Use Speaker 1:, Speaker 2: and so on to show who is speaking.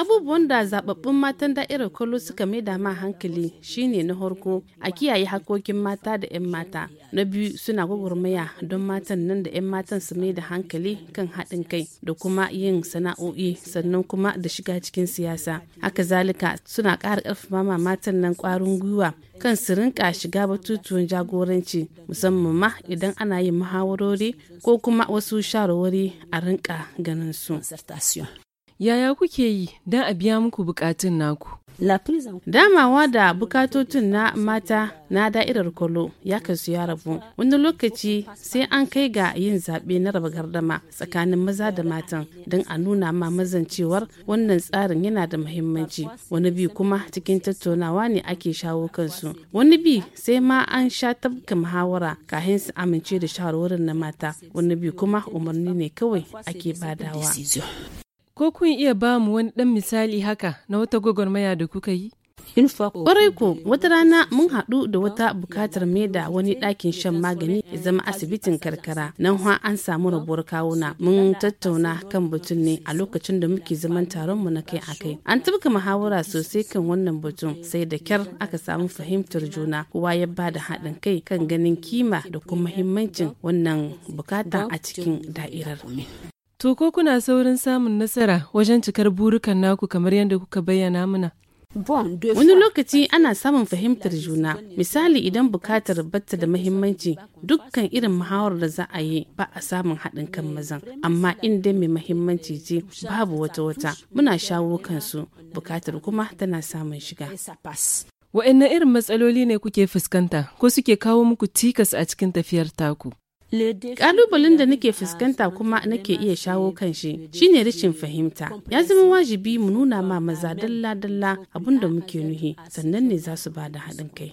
Speaker 1: Abubuwan da zababbun matan da'irar kwallo suka maida ma hankali shine na harko a kiyaye hakokin mata da 'yan mata. Na biyu suna gwagwarmaya don matan nan da 'yan matan su mai da hankali kan haɗin kai da kuma yin sana'o'i sannan kuma da shiga cikin siyasa. Haka zalika suna ƙara ƙarfafa ma matan nan ƙwarin gwiwa kan su rinka shiga batutuwan jagoranci musamman ma idan ana yin muhawarori ko kuma wasu shawarwari a rinka ganin su.
Speaker 2: Yaya kuke yi don a biya muku bukatun
Speaker 1: naku? Damawa da bukatotun na mata na da'irar kolo ya kasu ya rabu. Wani lokaci sai an kai ga yin zaɓe na raba gardama tsakanin maza da matan don a nuna ma mazan cewar wannan tsarin yana da muhimmanci. Wani bi kuma cikin tattaunawa ne ake shawo kansu. Wani bi sai ma an sha tabka muhawara kahin su amince da shawarwarin na mata. Wani bi kuma umarni ne kawai
Speaker 2: ake badawa. Ko kun iya ba mu wani ɗan misali haka na wata gwagwarmaya da kuka yi?
Speaker 1: Kwarai ko wata rana mun haɗu da wata bukatar mai da wani ɗakin shan magani ya zama asibitin karkara nan ha an samu rabuwar kawuna mun tattauna kan batun ne a lokacin da muke zaman taron mu na kai a kai an tabka muhawara sosai kan wannan batun sai da kyar aka samu fahimtar juna kowa ya ba da haɗin kai
Speaker 2: kan ganin kima da kuma muhimmancin wannan bukata a cikin da'irar. To ko kuna saurin samun nasara wajen cikar burukan naku kamar yadda kuka bayyana mana? Wani lokaci ana samun fahimtar juna, misali idan
Speaker 1: bukatar batta da mahimmanci dukkan irin muhawar da za a yi ba a samun haɗin kan mazan, amma inda mai mahimmanci ce babu wata-wata muna shawo kansu bukatar kuma tana samun shiga.
Speaker 2: Wa'in irin matsaloli ne kuke fuskanta ko suke kawo muku tikas a cikin tafiyar taku?
Speaker 1: Ƙalubalen da nake fuskanta kuma nake iya shawo kan shi shine rashin fahimta. Ya zama wajibi mu nuna ma maza dalla-dalla abin da muke nuhi sannan ne za su ba da haɗin kai.